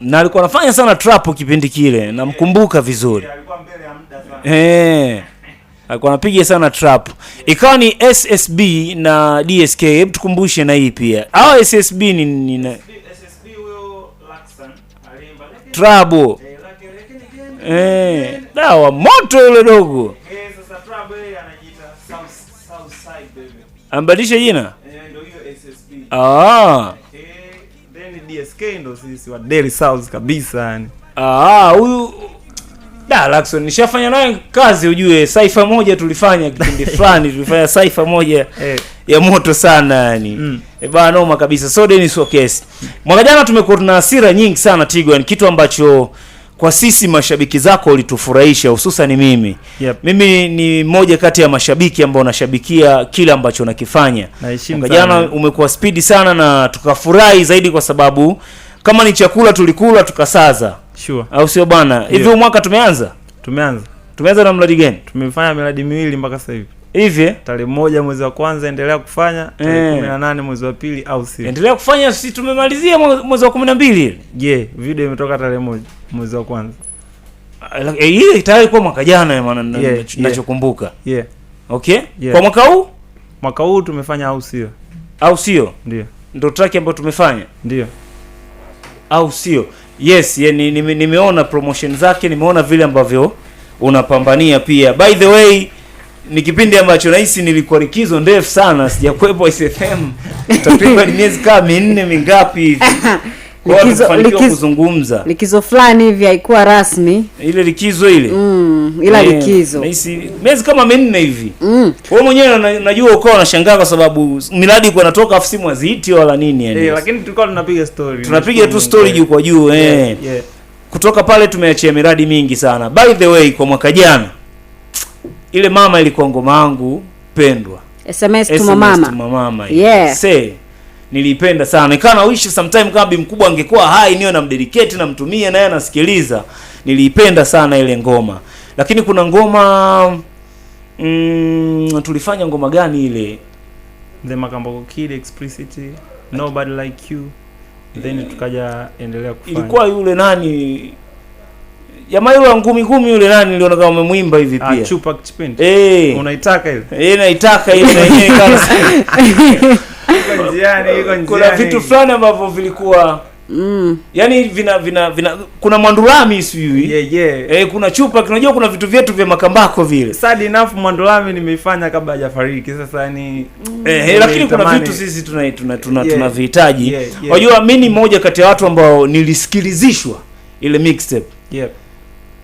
na alikuwa anafanya sana trap kipindi kile, namkumbuka vizuri eh, alikuwa anapiga sana trap. Ikawa ni SSB na DSK, hebu tukumbushe na hii pia au SSB ni, ni na... Trabo eh, dawa moto yule dogo ambadilisha jina eh, ah yani DSK ndo sisi wa Daily South kabisa yani. Ah, huyu da Laxon nishafanya naye kazi ujue, saifa moja tulifanya kipindi fulani tulifanya saifa moja hey, eh. ya moto sana yani mm. E bana noma kabisa. So Dennis Okes. mwaka jana tumekuwa tuna hasira nyingi sana yani, kitu ambacho kwa sisi mashabiki zako ulitufurahisha, hususan mimi yep. Mimi ni mmoja kati ya mashabiki ambao nashabikia kile ambacho nakifanya. Jana umekuwa spidi sana na tukafurahi zaidi, kwa sababu kama ni chakula tulikula tukasaza, sure. au sio bana? Hivi yeah. mwaka tumeanza tumeanza tumeanza na mradi gani? Tumefanya miradi miwili mpaka sasa hivi hivi tarehe moja mwezi wa kwanza endelea kufanya tarehe eh. kumi na nane mwezi wa pili au si endelea kufanya, si tumemalizia mwezi wa kumi na mbili Je, video imetoka tarehe moja mwezi wa kwanza eh, ile tayari kuwa mwaka jana maana yeah, nachokumbuka yeah. yeah. Okay yeah. kwa mwaka huu mwaka huu tumefanya au sio? au sio? Ndio ndio track ambayo tumefanya ndio au sio? Yes, yani nimeona ni, ni, promotion zake, nimeona vile ambavyo unapambania pia. By the way ni kipindi ambacho nahisi nilikuwa likizo ndefu sana sijakuwepo SFM takriban miezi kama minne mingapi hivi likizo, likizo, kuzungumza likizo fulani hivi haikuwa rasmi ile likizo ile mm, ila yeah, likizo nahisi miezi kama minne hivi mm. wewe mwenyewe na, najua ukawa unashangaa kwa sababu miradi iko natoka afu simu wala nini yani yeah, lakini tulikuwa tunapiga story tunapiga tu mm, story juu kwa juu eh. kutoka pale tumeachia miradi mingi sana by the way kwa mwaka jana ile mama ilikuwa ngoma yangu pendwa, SMS tu mama mama, yeah nilipenda sana, nikawa na wish sometime kama bi mkubwa angekuwa hai niwe na mdedicate na mtumie naye anasikiliza. Niliipenda sana ile ngoma, lakini kuna ngoma mm, tulifanya ngoma gani ile the Kid explicit nobody like you then tukaja endelea kufanya, ilikuwa yule nani Jamaa yule wa ngumi ngumi yule nani niliona kama umemwimba hivi pia. Ah, chupa kipindi. Eh. Unaitaka ile? Eh, naitaka ile na yenyewe kama. Kuna vitu fulani ambavyo vilikuwa Mm. Yaani vina vina vina kuna mwandulami sijui. Yeah, yeah. Eh, kuna chupa unajua kuna vitu vyetu vya makambako vile. Sad enough mwandulami nimeifanya kabla hajafariki. Sasa ni mm. Eh, lakini kuna vitu sisi tuna tuna tuna yeah. tunavihitaji. Unajua yeah, yeah. mimi ni mmoja kati ya watu ambao nilisikilizishwa ile mixtape. Yep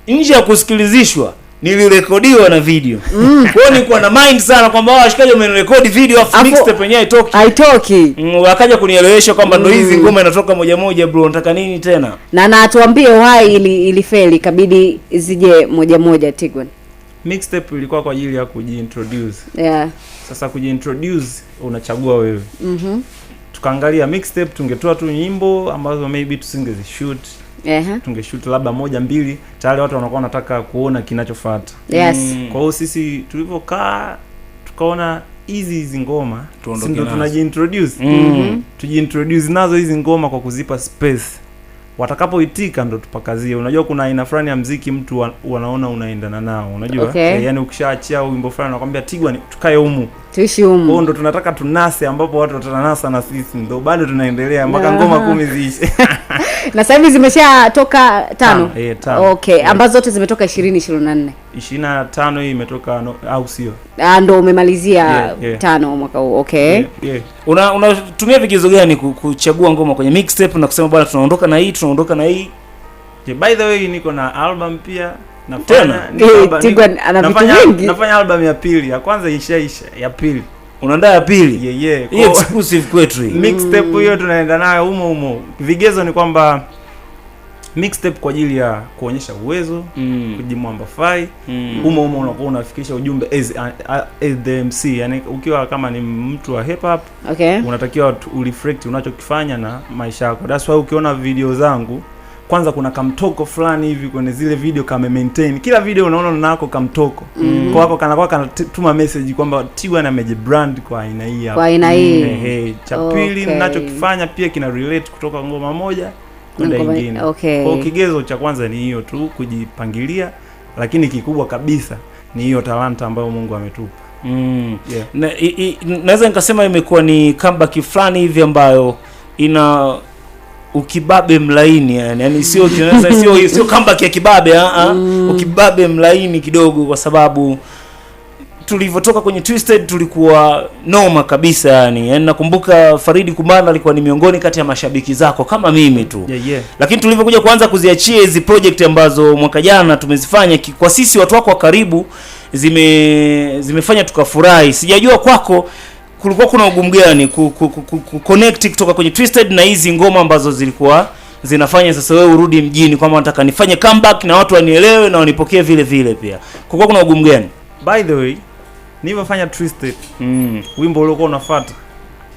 nje ya kusikilizishwa nilirekodiwa na video. Mm. Kwa hiyo nilikuwa na mind sana kwamba wao washikaji wamenirekodi video afu mixtape yenyewe haitoki. Haitoki. Mm, wakaja kunielewesha kwamba mm, hizi ngoma inatoka moja moja bro, nataka nini tena? Na na atuambie why ili ili ilifeli ikabidi zije moja moja Tigwan. Mixtape ilikuwa kwa ajili ya kujiintroduce. Yeah. Sasa kujiintroduce unachagua wewe. Mhm. Mm Tukaangalia mixtape tungetoa tu nyimbo ambazo maybe tusingezishoot yeah. tungeshuti labda moja mbili, tayari watu wanakuwa wanataka kuona kinachofata Yes. Mm. mm. Kwa hiyo sisi tulivyokaa tukaona hizi hizi ngoma sindo tunajiintroduce mm -hmm. tujiintroduce nazo hizi ngoma kwa kuzipa space watakapoitika ndo tupakazie. Unajua, kuna aina fulani ya mziki mtu wa, wanaona unaendana nao, unajua okay. E, yani ukishaachia wimbo fulani nakwambia Tigwa, tukae umu tuishi umu kwao ndo tunataka tunase, ambapo watu watananasa na sisi ndo bado tunaendelea mpaka ngoma kumi ziishe na sasa hivi zimeshatoka tano, e, tano. Okay, yeah. ambazo zote zimetoka 20 24. 25 hii imetoka no, au sio? Ah, ndio umemalizia yeah, yeah. tano mwaka huu. Okay. Yeah, yeah. Una unatumia vigezo gani kuchagua ngoma kwenye mixtape na kusema bwana tunaondoka na hii, tunaondoka na hii? Yeah, by the way niko na album pia na tena. Niko, hey, niko, niko, nafanya, nafanya album ya pili, ya kwanza ishaisha, ya pili unaandaa ya pili exclusive kwetu hii mixtape hiyo tunaenda nayo humo humo. Vigezo ni kwamba mixtape kwa ajili ya kuonyesha uwezo mm. kujimwambafai mm. humo humo unakuwa unafikisha ujumbe as, as the MC yani, ukiwa kama ni mtu wa hip hop okay. unatakiwa ureflect unachokifanya na maisha yako. That's why ukiona video zangu kwanza kuna kamtoko fulani hivi kwenye zile video kame maintain kila video unaona nako kamtoko mm. kwa wako kanakuwa kanatuma message kwamba T1 brand kwa aina hii kwa aina mm. hii mm. hey, cha pili okay. ninachokifanya pia kina relate kutoka ngoma moja kwenda nyingine okay. kwa kigezo cha kwanza ni hiyo tu kujipangilia lakini kikubwa kabisa ni hiyo talanta ambayo Mungu ametupa mm. yeah. naweza nikasema imekuwa ni comeback fulani hivi ambayo ina ukibabe mlaini yani, yani sio kinaweza sio sio comeback ya kibabe a ah, ah. mm. ukibabe mlaini kidogo, kwa sababu tulivyotoka kwenye Twisted tulikuwa noma kabisa yani. Yani nakumbuka Faridi Kumana alikuwa ni miongoni kati ya mashabiki zako kama mimi tu yeah, yeah. Lakini tulivyokuja kuanza kuziachia hizi project ambazo mwaka jana tumezifanya kwa sisi watu wako wa karibu, zime zimefanya tukafurahi. Sijajua kwako kulikuwa kuna ugumu gani ku, ku, ku, ku connect kutoka kwenye Twisted na hizi ngoma ambazo zilikuwa zinafanya sasa wewe urudi mjini, kwamba nataka nifanye comeback na watu wanielewe na wanipokee vile vile, pia kulikuwa kuna ugumu gani? By the way, nilivyofanya Twisted mm. wimbo uliokuwa unafuata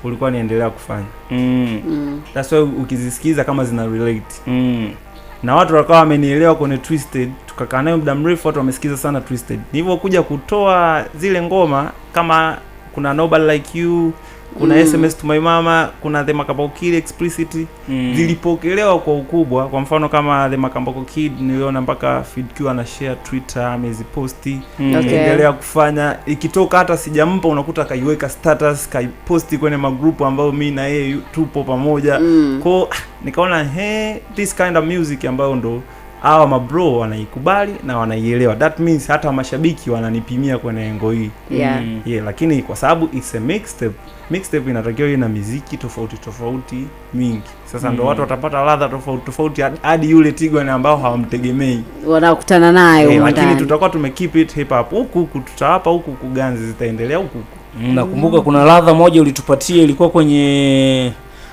ulikuwa niendelea kufanya mm. mm. that's why ukizisikiza kama zina relate mm. na watu wakawa wamenielewa kwenye Twisted, tukakaa nayo muda mrefu, watu wamesikiza sana Twisted. Nilivyokuja kutoa zile ngoma kama kuna nobody like you kuna mm. sms to my mama kuna the Makambako Kid explicit mm. zilipokelewa kwa ukubwa. Kwa mfano kama the Makambako Kid niliona mpaka FeedQ ana share Twitter ameziposti mm. okay. endelea kufanya ikitoka, hata sijampa unakuta kaiweka status kaiposti kwenye magrupu ambayo mi na yeye tupo pamoja mm. kwao ah, nikaona he this kind of music ambayo ndo hawa mabro wanaikubali na wanaielewa, that means hata mashabiki wananipimia kwenye engo hii yeah. Mm. Yeah, lakini kwa sababu it's a mixtape, mixtape inatakiwa iwe na miziki tofauti tofauti mingi. Sasa mm. ndo watu watapata ladha tofauti tofauti hadi yule Tigwan ambao hawamtegemei wanakutana naye yeah, lakini tutakuwa keep it hip hop huku tutawapa huku kuganzi zitaendelea huku mm. Mm. nakumbuka mm. kuna ladha moja ulitupatia ilikuwa kwenye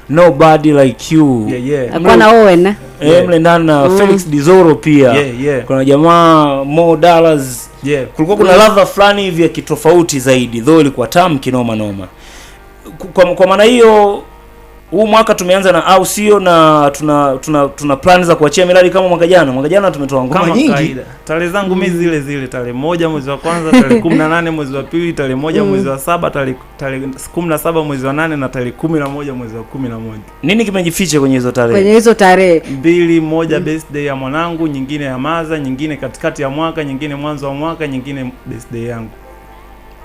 Nobody Like You yeah, yeah. No. Eh, yeah. mle ndani na mm. Felix Dizoro pia yeah, yeah. kuna jamaa Mo Dallas yeah. kulikuwa kuna mm. ladha fulani hivi ya kitofauti zaidi, dho ilikuwa tam kinoma noma. Kwa, kwa maana hiyo huu mwaka tumeanza na au sio, na tuna tuna, tuna plan za kuachia miradi kama mwaka jana. Mwaka jana tumetoa ngoma nyingi. Tarehe zangu mimi mm. zile zile, tarehe moja mwezi wa kwanza, tarehe 18 mwezi wa pili, tarehe moja mm. mwezi wa saba, tarehe 17 mwezi wa nane na tarehe 11 mwezi wa 11. Nini kimejificha kwenye hizo tarehe? Kwenye hizo tarehe mbili, moja mm. birthday ya mwanangu, nyingine ya Maza, nyingine katikati ya mwaka, nyingine mwanzo wa mwaka, nyingine birthday yangu.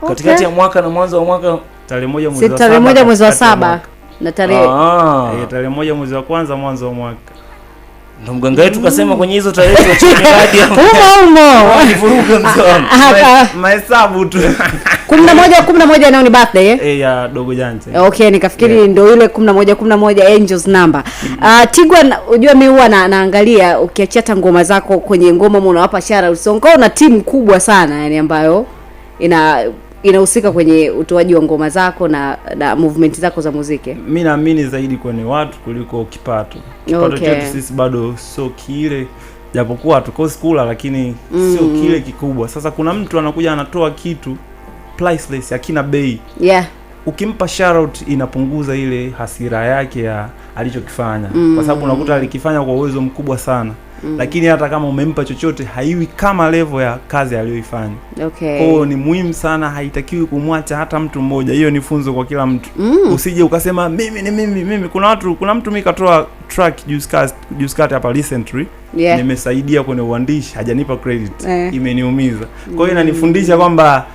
Okay. Katikati ya mwaka na mwanzo wa mwaka, tarehe moja mwezi wa saba na tarehe e, tarehe moja mwezi wa kwanza mwanzo wa mwaka ndo mganga wetu kasema kwenye hizo tarehe mahesabu tu kumi na moja kumi na moja nao ni birthday eh? E, ya dogo jante. Okay, nikafikiri yeah. Ndio ile kumi na moja kumi na moja angels number mm Uh, Tigwa unajua mimi huwa na, naangalia ukiachia hata ngoma zako kwenye ngoma unawapa shara usongo na timu kubwa sana yani ambayo ina inahusika kwenye utoaji wa ngoma zako na, na movement zako za muziki. Mi naamini zaidi kwenye watu kuliko kipato. Kipato okay, chetu sisi bado sio kile, japokuwa hatukosi kula, lakini mm, sio kile kikubwa. Sasa kuna mtu anakuja anatoa kitu priceless, akina bei yeah ukimpa shoutout inapunguza ile hasira yake ya alichokifanya, mm, kwa sababu unakuta alikifanya kwa uwezo mkubwa sana mm. lakini hata kama umempa chochote haiwi kama levo ya kazi aliyoifanya. Okay. Kwao ni muhimu sana, haitakiwi kumwacha hata mtu mmoja. Hiyo ni funzo kwa kila mtu mm. Usije ukasema mimi ni mimi mimi. Kuna watu, kuna mtu mimi katoa track juice hapa recently yeah. Nimesaidia kwenye uandishi hajanipa credit eh. Imeniumiza. Kwa hiyo mm. inanifundisha kwamba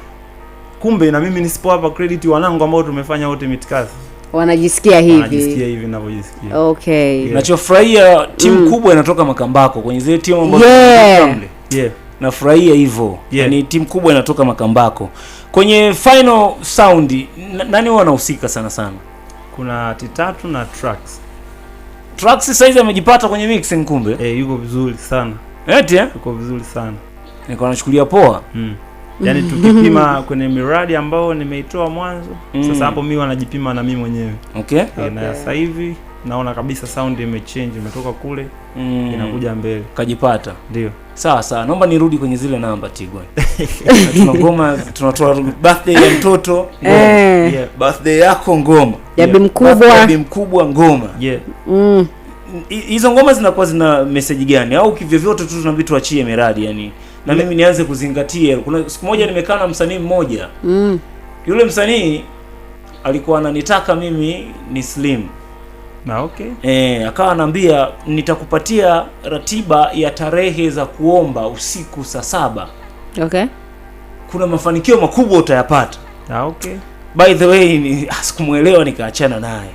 kumbe na mimi hapa credit wanangu ambao tumefanya wote mitikasi wanajisikia hivi, wanajisikia hivi ninavyojisikia. Okay, yeah. Nachofurahia timu mm. kubwa inatoka Makambako kwenye zile timu ambazo yeah. yeah. Nafurahia hivyo yeah. ni yaani, timu kubwa inatoka Makambako kwenye final sound. Nani huwa anahusika sana sana? Kuna titatu na tracks tracks sasa hizi amejipata kwenye mixing kumbe. Eh, yuko vizuri sana. Eti eh? Yuko vizuri sana. Niko anachukulia poa. Mm. Yaani mm. tukipima kwenye miradi ambayo nimeitoa mwanzo mm. Sasa hapo mimi wanajipima na mimi mwenyewe okay. okay. Na sasa hivi naona kabisa sound imechange, imetoka kule mm. inakuja mbele, kajipata ndio sawa sawa. Naomba nirudi kwenye zile namba Tigwan tuna ngoma tunatoa birthday ya mtoto eh. yeah. birthday yako ngoma ya yeah. mkubwa ya mkubwa ngoma yeah. mm. hizo ngoma zinakuwa zina message gani, au kivyovyote tu tunabidi tuachie miradi yani na mimi nianze kuzingatia. Kuna siku moja nimekaa na msanii mmoja mm. Yule msanii alikuwa ananitaka mimi ni slim na okay. E, akawa anaambia nitakupatia ratiba ya tarehe za kuomba usiku saa saba. Okay. Kuna mafanikio makubwa utayapata. Na okay. By the way ni ah, sikumuelewa, nikaachana naye.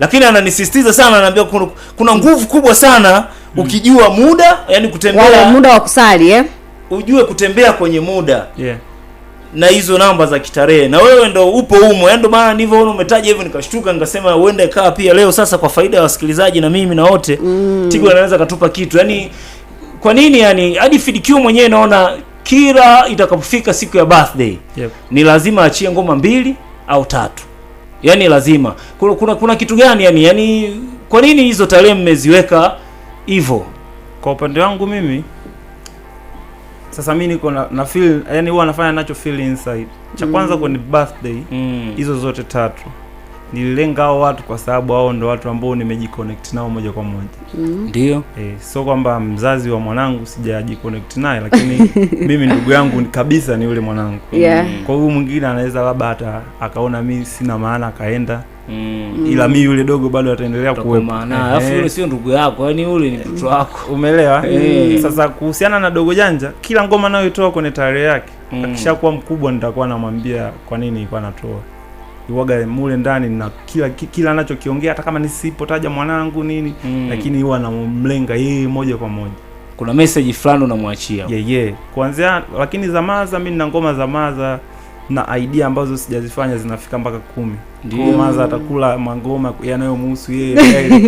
Lakini ananisisitiza sana, anaambia kuna, kuna nguvu kubwa sana mm. ukijua muda, yani kutembea muda wa kusali eh? ujue kutembea kwenye muda yeah. na hizo namba za kitarehe, na wewe ndo upo umo yaani ndo maana nilivyoona umetaja hivyo nikashtuka, nikasema uende kaa pia leo sasa, kwa faida ya wasikilizaji na mimi na wote mm. Tigo anaweza katupa kitu yani. Kwa nini yani, hadi FDQ mwenyewe naona kila itakapofika siku ya birthday yep. ni lazima achie ngoma mbili au tatu yani lazima kuna, kuna, kuna kitu gani yani yani, kwa nini hizo tarehe mmeziweka hivyo? Kwa upande wangu mimi sasa mimi niko na, na feel yani huwa nafanya nacho feel inside. Cha kwanza mm. kwenye birthday mm. hizo mm. zote tatu nililenga hao watu kwa sababu hao ndo watu ambao nimejiconnect nao moja kwa moja mm. ndio. Mm. E, so kwamba mzazi wa mwanangu sijajiconnect naye, lakini mimi ndugu yangu kabisa ni yule mwanangu yeah. Mm. Kwa hiyo mwingine anaweza labda hata akaona mimi sina maana akaenda mm. ila mi yule dogo bado ataendelea kuwepo, alafu yule sio ndugu yako, yani yule ni mtoto eh, wako, umeelewa? Eh. Mm. Sasa kuhusiana na dogo janja, kila ngoma nayoitoa kwenye tarehe yake mm. akishakuwa mkubwa nitakuwa namwambia kwa nini ilikuwa natoa iwaga mule ndani na kila kila anachokiongea hata kama nisipotaja mwanangu nini mm. lakini huwa anamlenga yeye moja kwa moja kuna message fulani unamwachia yeah, yeah. kuanzia lakini za maza mi nina ngoma za maza na idea ambazo sijazifanya zinafika mpaka kumi Maza atakula mangoma yanayomhusu yeye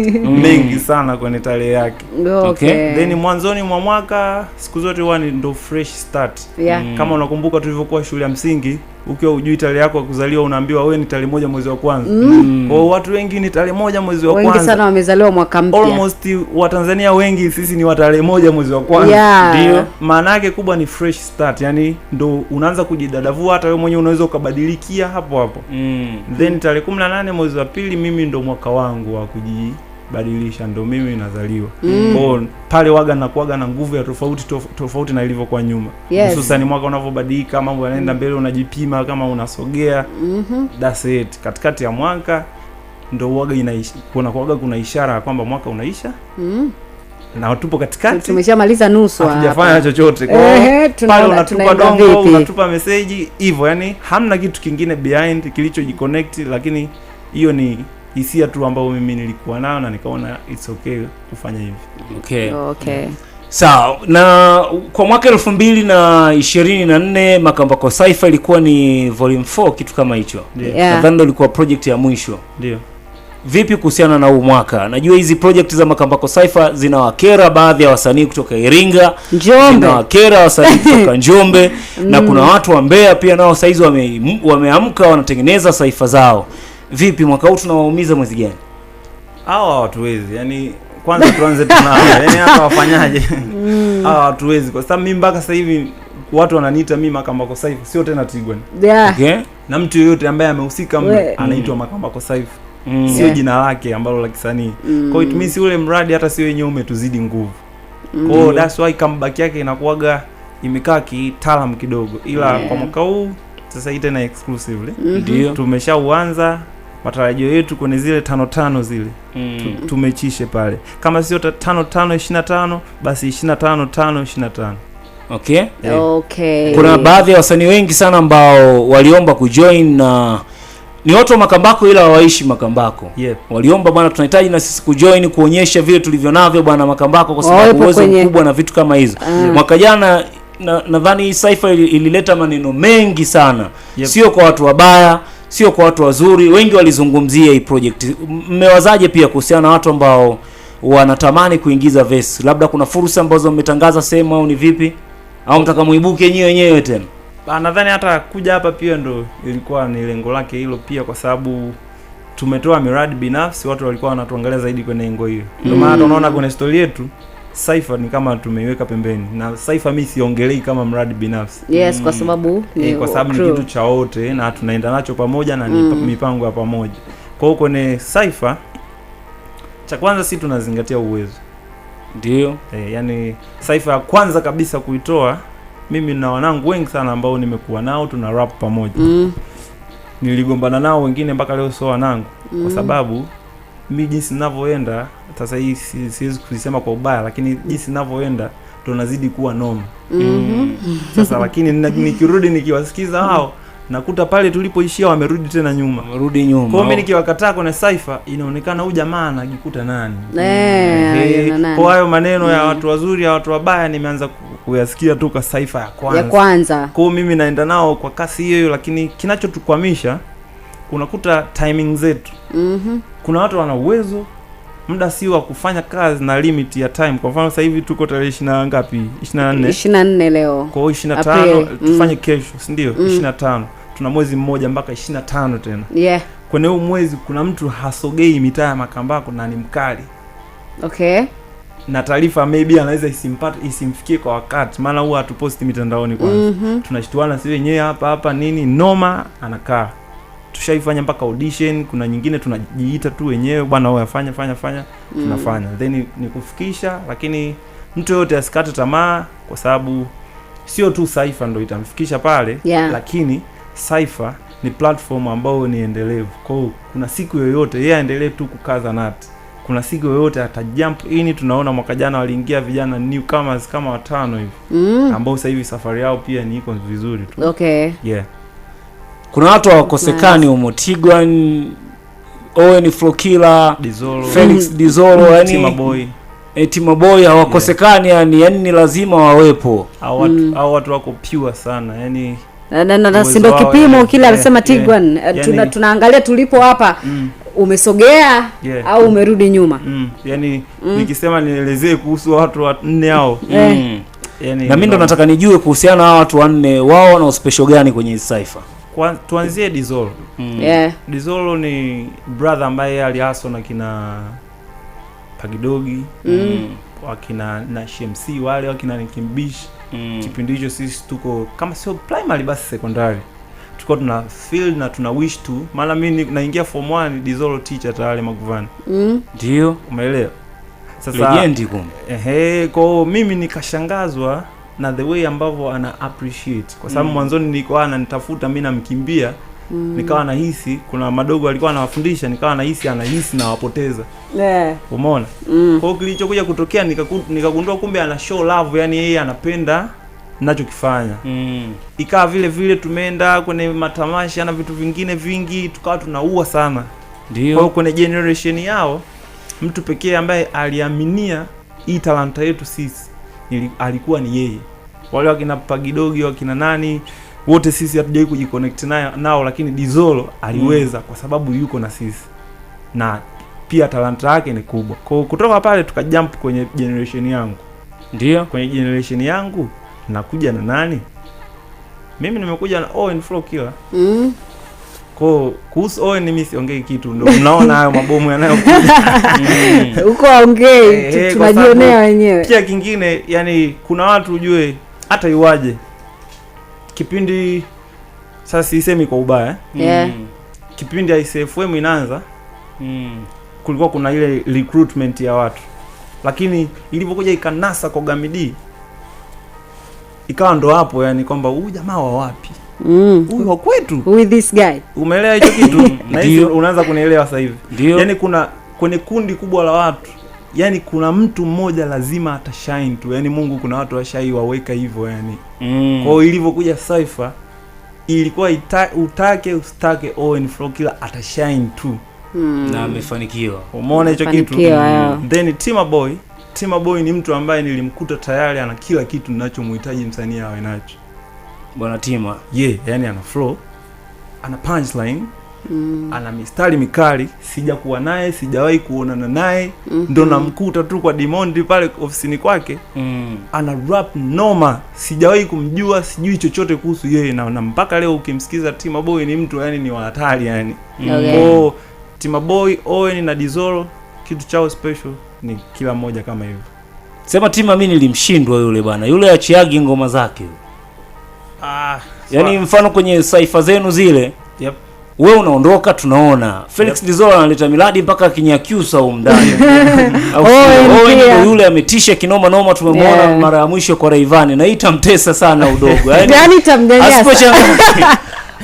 mengi mm. sana kwenye tarehe yake. Okay. Then mwanzoni mwa mwaka siku zote huwa ndo fresh start. Yeah. Mm. Kama unakumbuka tulivyokuwa shule ya msingi ukiwa ujui tarehe yako ya kuzaliwa unaambiwa wewe ni tarehe moja mwezi wa kwanza. Mm. mm. mm. Kwa watu wengi ni tarehe moja mwezi wa kwanza. Wengi sana wamezaliwa mwaka mpya. Almost Watanzania wengi sisi ni wa tarehe moja mwezi wa kwanza. Yeah. Ndio. Maana yake kubwa ni fresh start. yani ndo unaanza kujidadavua hata wewe mwenyewe unaweza ukabadilikia hapo hapo. Mm. Then tarehe kumi nane mwezi wa pili, mimi ndo mwaka wangu wa kujibadilisha, ndo mimi nazaliwa mm. Kwao pale waga nakuwaga na nguvu ya tofauti tof, tofauti na ilivyokuwa nyuma hususan yes. Mwaka unavyobadilika mambo yanaenda mm. mbele, unajipima kama unasogea mm -hmm. That's it. Katikati ya mwaka ndo waga inaisha kuna kuwaga kuna ishara ya kwamba mwaka unaisha mm na tupo katikati, tumeshamaliza nusu, hatujafanya chochote. Pale unatupa dongo, unatupa meseji hivyo, yani hamna kitu kingine behind kilichojiconnect, lakini hiyo ni hisia tu ambayo mimi nilikuwa nayo na nikaona it's okay kufanya hivi. Okay, okay. Sawa. Na kwa mwaka elfu mbili na ishirini na nne Makambako Cypher ilikuwa ni volume 4 kitu kama hicho, yeah. Nadhani ndo ilikuwa project ya mwisho, ndio vipi kuhusiana na huu mwaka? Najua hizi project za Makambako Cypher zinawakera baadhi ya wasanii kutoka Iringa, zinawakera wasanii kutoka Njombe mm. na kuna watu wa Mbeya pia nao saizi wame, wameamka wanatengeneza saifa zao. Vipi mwaka huu tunawaumiza mwezi gani? Hawa hawatuwezi yani, kwanza tuanze tunao yani hata wafanyaje? Mm. Hawa hawatuwezi kwa sababu mimi mpaka sasa hivi watu wananiita mimi Makambako Cypher, sio tena Tigwan yeah. okay. na mtu yoyote ambaye amehusika anaitwa Makambako Cypher mm. sio yeah. jina lake ambalo la kisanii mm. kwa it means ule mradi hata sio wenyewe umetuzidi nguvu mm. kwao that's why comeback yake inakuwaga imekaa kitaalam kidogo ila yeah. kwa mwaka huu sasa hii tena exclusively mm-hmm. ndio mm -hmm. tumeshauanza matarajio yetu kwenye zile tano tano zile mm. tumechishe pale kama sio tano tano ishirini tano basi ishirini na tano tano tano okay. Yeah. okay kuna baadhi ya wasanii wengi sana ambao waliomba kujoin na uh, ni watu wa Makambako ila hawaishi Makambako. Yep. Waliomba bwana, tunahitaji na sisi kujoin kuonyesha vile tulivyo navyo bwana Makambako, kwa sababu uwezo mkubwa na vitu kama hizo. Ah. Yep. Mwaka jana nadhani na Saifa ilileta maneno mengi sana. Yep. Sio kwa watu wabaya, sio kwa watu wazuri, wengi walizungumzia hii project. Mmewazaje pia kuhusiana na watu ambao wanatamani kuingiza vesi, labda kuna fursa ambazo mmetangaza sehemu au ni vipi, au mtakamuibuke nyiwe wenyewe tena? nadhani hata kuja hapa pia ndo ilikuwa ni lengo lake hilo pia, kwa sababu tumetoa miradi binafsi, watu walikuwa wanatuangalia zaidi kwenye lengo hilo. Ndio maana mm. unaona kwenye story yetu Saifa ni kama tumeiweka pembeni, na Saifa mimi siongelei kama mradi binafsi. Yes, mm. kwa sababu e, kwa sababu ni kitu cha wote na tunaenda nacho pamoja na mm. mipango ya pamoja. Kwa hiyo kwenye Saifa, cha kwanza si tunazingatia uwezo ndio e, yani Saifa kwanza kabisa kuitoa mimi na wanangu wengi sana ambao nimekuwa nao tuna rap pamoja mm. niligombana nao wengine mpaka leo sio wanangu mm. kwa sababu mi jinsi ninavyoenda sasa hii siwezi kusema kwa ubaya lakini jinsi ninavyoenda tunazidi kuwa noma mm. Mm-hmm. mm. sasa lakini nikirudi nikiwasikiza hao nakuta pale tulipoishia wamerudi tena nyuma, wamerudi nyuma. Kwa mimi nikiwakataa kwenye Cypher inaonekana huyu jamaa anajikuta nani. eh Kwa hayo maneno ya mm. watu wazuri ya watu wabaya nimeanza kuyasikia tu kwa Cypher ya kwanza ya kwanza. Kwa mimi naenda nao kwa kasi hiyo lakini kinachotukwamisha unakuta timing zetu mm -hmm. Kuna watu wana uwezo muda si wa kufanya kazi na limit ya time. Kwa mfano sasa hivi tuko tarehe 20 ngapi? 24. 24 leo. Kwa hiyo 25 tufanye mm. kesho, si ndio? 25. Mm tuna mwezi mmoja mpaka ishirini tano tena yeah. Kwenye huu mwezi kuna mtu hasogei mitaa ya Makambako na ni mkali okay na taarifa maybe anaweza isimpate isimfikie kwa wakati, maana huwa hatuposti mitandaoni kwanza. mm -hmm. tunashituana si wenyewe hapa hapa nini noma, anakaa tushaifanya mpaka audition. Kuna nyingine tunajiita tu wenyewe bwana, wewe fanya fanya fanya, mm. tunafanya mm. Then nikufikisha ni lakini mtu yote asikate tamaa, kwa sababu sio tu Saifa ndio itamfikisha pale yeah. lakini Cypher ni platform ambayo ni endelevu. Kwa hiyo kuna siku yoyote yeye aendelee tu kukaza nat, kuna siku yoyote ata jump in. Tunaona mwaka jana waliingia vijana newcomers kama watano hivi mm. ambao sasa hivi safari yao pia ni iko vizuri tu okay. yeah. kuna watu hawakosekani humo nice. Tigwan, Owen Flokila, Dizolo, Felix mm. Dizolo mm. yani Timaboy eti eh, maboy hawakosekani yeah. Yani, yani ni lazima wawepo au watu, mm. watu wako pure sana yani na, na si ndio kipimo kile alisema yeah, Tigwan yeah. Tuna, tunaangalia tulipo hapa mm. Umesogea yeah. au umerudi nyuma mm. Yani mm. nikisema nielezee kuhusu watu wanne hao eh. mm. Yani, na mimi ndo nataka nijue kuhusiana na watu wanne wao na uspesho gani kwenye Cypha. tuanzie Dizolo mm. yeah. Dizolo ni brother ambaye aliaso na kina Pagidogi mm. wakina na Shemsi wale wakina Nikimbishi mm. kipindi hicho sisi tuko kama sio primary basi secondary tulikuwa tuna feel na tuna wish tu maana mi naingia form 1 dizolo teacher tayari maguvani mm. ndio mm. umeelewa sasa kumbe ehe kwao mimi nikashangazwa na the way ambavyo ana appreciate kwa sababu mm. mwanzoni nilikuwa ananitafuta mi namkimbia mm. nikawa nahisi kuna madogo alikuwa anawafundisha, nikawa nahisi anahisi nawapoteza, yeah. umeona mm. kwao kilichokuja kutokea nikagundua kumbe ana show love, yani yeye anapenda nachokifanya mm. Ikawa vile vile tumeenda kwenye matamasha na vitu vingine vingi, tukawa tunaua sana. Ndio kwenye generation yao mtu pekee ambaye aliaminia hii talanta yetu sisi alikuwa ni yeye. Wale wakina Pagidogi wakina nani wote sisi hatujawahi kujiconnect nayo nao, lakini Dizolo aliweza mm. kwa sababu yuko na sisi na pia talanta yake ni kubwa. Kwa kutoka pale tukajump kwenye generation yangu, ndio kwenye generation yangu nakuja na nani? Mimi nimekuja na Owen Flow Killer mm. Ko kuhusu Owen mimi siongei kitu, ndio mnaona hayo mabomu yanayokuja mm. huko mm. aongei, eh, eh, tunajionea wenyewe. Pia kingine, yani kuna watu ujue hata iwaje kipindi sasa siisemi kwa ubaya yeah. mm. kipindi aisefuemu inaanza mm. kulikuwa kuna ile recruitment ya watu lakini ilivyokuja ikanasa kwa Gamidi ikawa ndo hapo yani kwamba huyu jamaa wa wapi mm. huyu mm. wa kwetu with this guy umeelewa hicho kitu na hiyo unaanza kunielewa sasa hivi yani kuna kwenye kundi kubwa la watu yani kuna mtu mmoja lazima atashine tu, yani Mungu kuna watu washaiwaweka hivyo yani mm. kwao ilivyokuja Cypher ilikuwa ita, utake usitake oh, Owen kila atashine tu mm. na amefanikiwa. Umeona hicho kitu hmm. Then Tima Boy, Tima Boy ni mtu ambaye nilimkuta tayari ana kila kitu ninachomhitaji msanii awe nacho, bwana Tima. Yeah, yani ana flow, ana punchline mm. ana mistari mikali, sijakuwa naye, sijawahi kuonana naye mm -hmm. ndo namkuta tu kwa Dimondi pale ofisini kwake mm. ana rap noma, sijawahi kumjua, sijui chochote kuhusu yeye na, na mpaka leo ukimsikiza Tima Boy ni mtu yani ni wahatari yani mm. okay. o Tima Boy, Owen na Dizoro kitu chao special ni kila mmoja kama hivyo. Sema Tima mimi nilimshindwa yule bwana, yule achiagi ngoma zake. Ah, yaani mfano kwenye saifa zenu zile yep wewe unaondoka, tunaona Felix yep. Dizola analeta miradi mpaka Kinyakyusa huko ndani Au yule ametisha kinoma noma, tumemwona yeah. mara ya mwisho kwa Raivani na itamtesa sana udogo yani, yani itamganya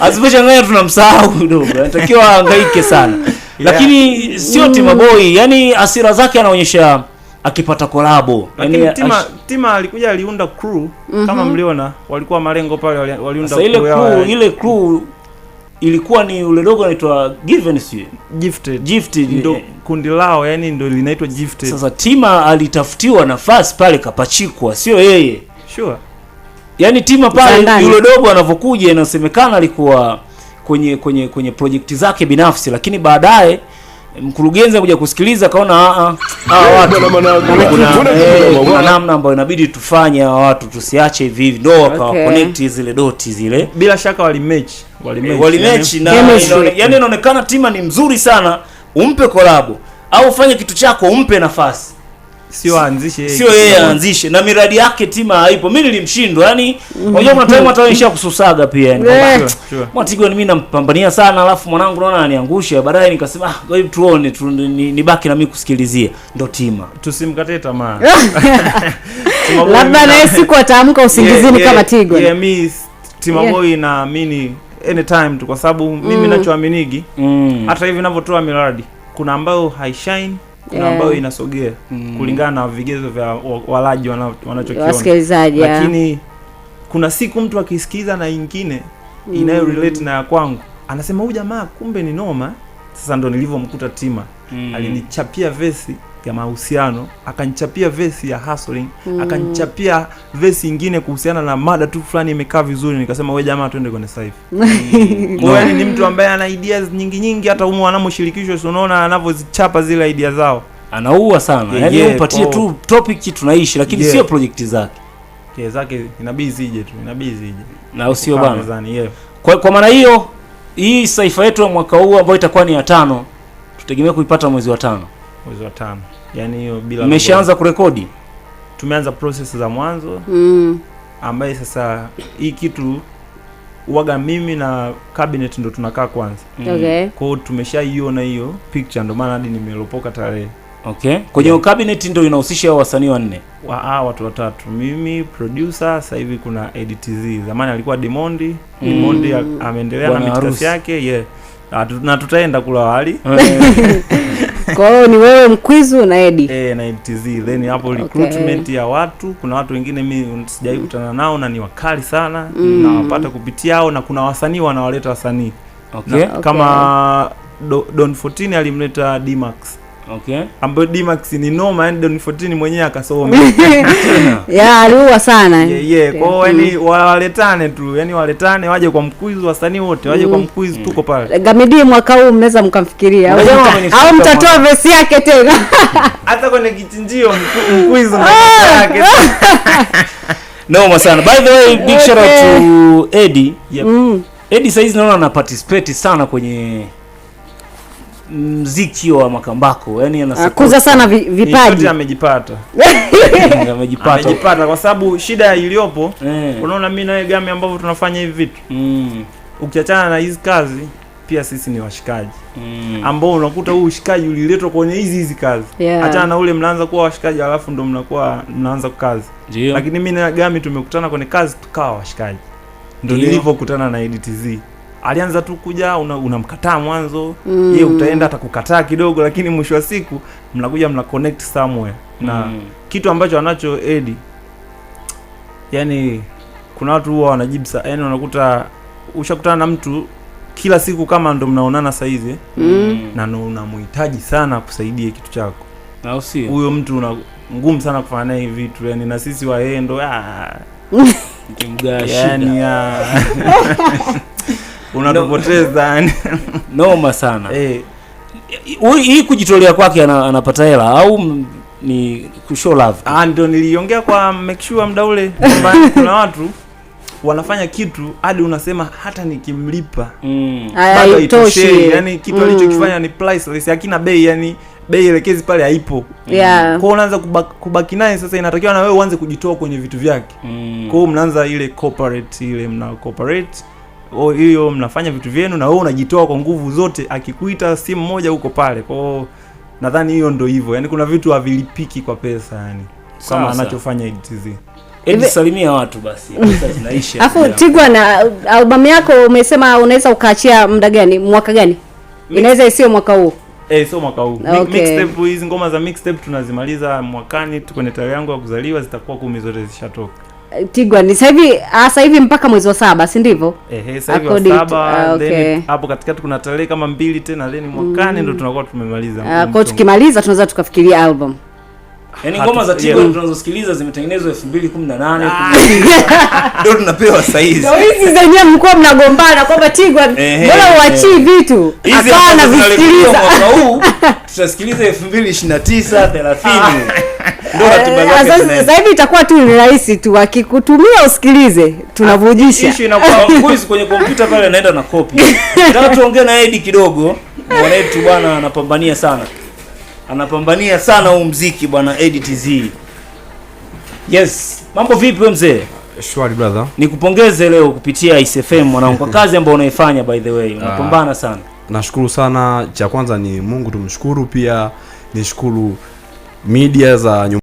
asipochanganya tunamsahau udogo, anatakiwa ahangaike sana yeah. lakini sio mm. Tima Boy, yani asira zake anaonyesha akipata kolabo yaani, Lakini yani, tima, ash... tima alikuja aliunda crew mm -hmm. kama mliona walikuwa malengo pale waliunda crew ile crew ilikuwa ni ule dogo anaitwa Given si Gifted. Gifted ndo eh. kundi lao yani ndo linaitwa Gifted. Sasa Tima alitafutiwa nafasi pale kapachikwa, sio yeye. Sure. yani Tima pale yule dogo anavyokuja inasemekana alikuwa kwenye kwenye kwenye projekti zake binafsi, lakini baadaye mkurugenzi anakuja kusikiliza, kaona a ah, a ah, ah, watu kuna eh, namna ambayo inabidi tufanye hawa watu tusiache hivi hivi, ndo wakawa connect zile doti zile. Bila shaka walimechi walimechi, eh, walimechi na yani inaonekana tima ni mzuri sana, umpe kolabo au ufanye kitu chako umpe nafasi, sio aanzishe, sio yeye aanzishe na miradi yake. Tima haipo, mimi nilimshindwa. Yani unajua kuna time hata nisha kususaga pia, yani eh. kwamba Mwatigo mimi nampambania sana, alafu mwanangu naona ananiangusha. Baadaye nikasema ah, hebu tuone tu, nibaki na mimi kusikilizia. Ndo Tima, tusimkate tamaa, labda na yeye siku atamka usingizini kama Tigo. Yeah, mimi Tima Boy naamini anytime tu, kwa sababu mimi mm. nachoaminigi mm. hata mm. hivi ninavyotoa miradi kuna ambayo haishine kuna yeah. ambayo inasogea mm. kulingana na vigezo vya walaji wanachokiona wasikilizaji, lakini kuna siku mtu akisikiza na ingine mm. inayo relate na ya kwangu anasema huyu jamaa kumbe ni noma. Sasa ndo nilivyomkuta Tima mm. alinichapia vesi ya mahusiano, akanichapia vesi ya hustling mm. akanichapia vesi ingine kuhusiana na mada tu fulani imekaa vizuri, nikasema we jamaa, twende kwenye saifi kwa ni mtu ambaye ana ideas nyingi nyingi, hata humo anamoshirikishwa, si unaona anavyozichapa zile idea zao, anaua sana yaani yeah, yani yeah, oh. tu topic tunaishi, lakini yeah. sio project zake yeah, zake inabidi zije tu inabidi zije na usio bana yeah. kwa, kwa maana hiyo hii saifa yetu ya mwaka huu ambayo itakuwa ni ya tano tutegemea kuipata mwezi wa tano mwezi wa tano. Yaani hiyo bila. umeshaanza kurekodi? Tumeanza process za mwanzo mm. ambaye sasa hii kitu waga mimi na cabinet ndo tunakaa kwanza mm. okay. hiyo tumeshaiona hiyo picture, ndo maana hadi nimelopoka tarehe okay. kwenye yeah. cabinet ndo inahusisha wasanii wanne wa watu watatu, mimi producer, sasa hivi kuna ADTZ, zamani alikuwa Demondi mm. ameendelea na mitikasi yake yeah. na tutaenda kula wali eh. Kwa hiyo ni wewe Mkwizu na Edi eh, na Edi then hapo recruitment okay, ya watu. Kuna watu wengine mimi sijai kutana nao na ni wakali sana mm, nawapata kupitia hao, na kuna wasanii wanawaleta wasanii okay, okay, kama Don 14 alimleta dmax Okay. Ambayo Dmax ni noma yani Don 14 mwenyewe akasoma. Yeah, aliua sana. Yeah, yeah. Kwa hiyo yani waletane tu. Yani waletane waje kwa mkuizi wasanii wote, waje kwa mm. mkuizi mm. tuko pale. Gamidi mwaka huu mnaweza mkamfikiria. Au mtatoa vesi yake tena. Hata kwenye kichinjio mkuizi na yake. Noma sana. By the way, big shout out to Eddie. Yep. Mm. Eddie saizi naona ana participate sana kwenye mziki wa Makambako, yani anakuza ah, sana vipaji, amejipata amejipata, kwa sababu shida iliyopo eh, unaona mimi nawe Gami ambavyo tunafanya hivi vitu mm, ukiachana na hizi kazi pia sisi ni washikaji mm, ambao unakuta huu ushikaji uliletwa kwenye hizi hizi kazi yeah. Achana na ule mnaanza kuwa washikaji alafu ndo mnakuwa mnaanza kazi, lakini mimi na Gami tumekutana kwenye kazi tukawa washikaji, ndo nilipokutana na EDTZ alianza tu kuja unamkataa una mwanzo mm. ye utaenda atakukataa kidogo, lakini mwisho wa siku mnakuja mna connect somewhere na mm. kitu ambacho anacho Edi, yani kuna watu huwa wanajibsa yani unakuta ushakutana na mtu kila siku kama ndo mnaonana saizi mm. mm. na unamhitaji sana kusaidia kitu chako, Huyo mtu una ngumu sana kufanya naye vitu yani, na sisi waendo ah. yani ah. unatupoteza no. noma sana eh. Hii kujitolea kwake anapata hela au ni kushow love? Ah, ndio niliongea kwa make sure mda ule kwamba kuna watu wanafanya kitu hadi unasema hata nikimlipa mm. bado itoshei. Yani kitu mm. alichokifanya ni priceless, hakina bei, yani bei elekezi pale haipo yeah. Kwao unaanza kubaki, kubaki naye. Sasa inatakiwa na wewe uanze kujitoa kwenye vitu vyake mm. Kwao mnaanza ile corporate ile mna corporate hiyo mnafanya vitu vyenu na wewe unajitoa kwa nguvu zote, akikuita simu moja huko pale kwao. Nadhani hiyo ndo hivyo, yani kuna vitu havilipiki kwa pesa, yani kama anachofanya ITZ. Yaani salimia watu basi, pesa zinaisha. Afu Tigwa, na albamu yako umesema unaweza ukaachia muda gani, mwaka gani? Inaweza isiyo mwaka huu eh? Sio mwaka huu, okay. Mixtape hizi ngoma za mixtape tunazimaliza mwakani, kwenye tarehe yangu ya kuzaliwa zitakuwa kumi zote zishatoka. Tigwa ni sasa hivi ah, sasa hivi mpaka mwezi wa saba, si ndivyo? Ehe, sasa hivi wa saba, ah, okay. Then hapo katikati kuna tarehe kama mbili tena, then mwakani mm. ndo tunakuwa tumemaliza. Ah, kwa tukimaliza tunaweza tukafikiria album. Yaani ngoma za Tigo tunazosikiliza zimetengenezwa 2018. Ah. Ndio tunapewa sasa hizi. Ndio hizi zenyewe mko mnagombana kwamba Tigo bora uachi vitu. Hapana na visikiliza. Mwaka huu tutasikiliza 2029 30. Ah. Eh, sasa hivi itakuwa tu ni rahisi tu, akikutumia usikilize, tunavujisha. Issue inakuwa kwenye kompyuta pale, naenda na copy. Nataka tuongee na Edi kidogo, mwanetu bwana anapambania sana anapambania sana huu mziki bwana adtz TZ. Yes, mambo vipi wewe mzee? Shwari brother. Nikupongeze leo kupitia Ice FM mwanangu kwa kazi ambayo unaifanya by the way. Unapambana ah. sana. Nashukuru sana. Cha kwanza ni Mungu tumshukuru, pia nishukuru media za nyumbani.